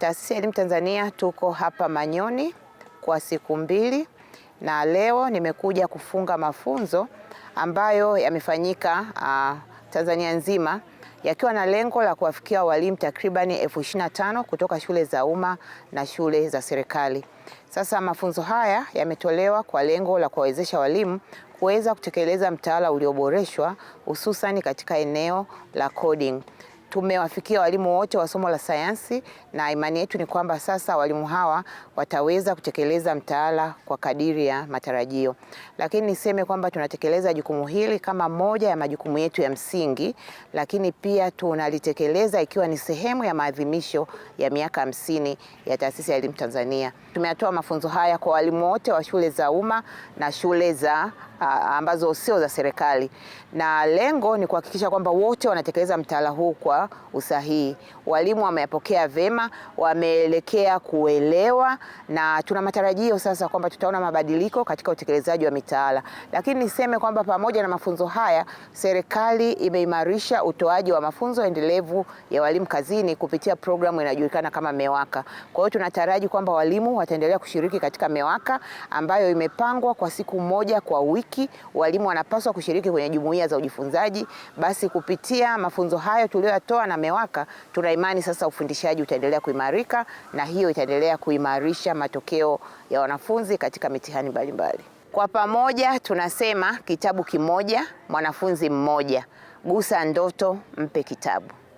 Taasisi ya Elimu Tanzania tuko hapa Manyoni kwa siku mbili na leo nimekuja kufunga mafunzo ambayo yamefanyika uh, Tanzania nzima yakiwa na lengo la kuwafikia walimu takribani elfu ishirini na tano kutoka shule za umma na shule za serikali. Sasa mafunzo haya yametolewa kwa lengo la kuwawezesha walimu kuweza kutekeleza mtaala ulioboreshwa hususan katika eneo la coding. Tumewafikia walimu wote wa somo la sayansi na imani yetu ni kwamba sasa walimu hawa wataweza kutekeleza mtaala kwa kadiri ya matarajio. Lakini niseme kwamba tunatekeleza jukumu hili kama moja ya majukumu yetu ya msingi, lakini pia tunalitekeleza ikiwa ni sehemu ya maadhimisho ya miaka hamsini ya Taasisi ya Elimu Tanzania. Tumeyatoa mafunzo haya kwa walimu wote wa shule za umma na shule za ambazo sio za serikali, na lengo ni kuhakikisha kwamba wote wanatekeleza mtaala huu kwa usahihi. Walimu wamepokea vema, wameelekea kuelewa, na tuna matarajio sasa kwamba tutaona mabadiliko katika utekelezaji wa mitaala. Lakini niseme kwamba pamoja na mafunzo haya, serikali imeimarisha utoaji wa mafunzo endelevu ya walimu kazini kupitia programu inayojulikana kama MEWAKA. Kwa hiyo tunataraji kwamba walimu wataendelea kushiriki katika MEWAKA ambayo imepangwa kwa siku moja kwa wiki haki, walimu wanapaswa kushiriki kwenye jumuiya za ujifunzaji. Basi kupitia mafunzo hayo tuliyoyatoa na MEWAKA, tuna imani sasa ufundishaji utaendelea kuimarika na hiyo itaendelea kuimarisha matokeo ya wanafunzi katika mitihani mbalimbali. Kwa pamoja tunasema kitabu kimoja, mwanafunzi mmoja. Gusa ndoto, mpe kitabu.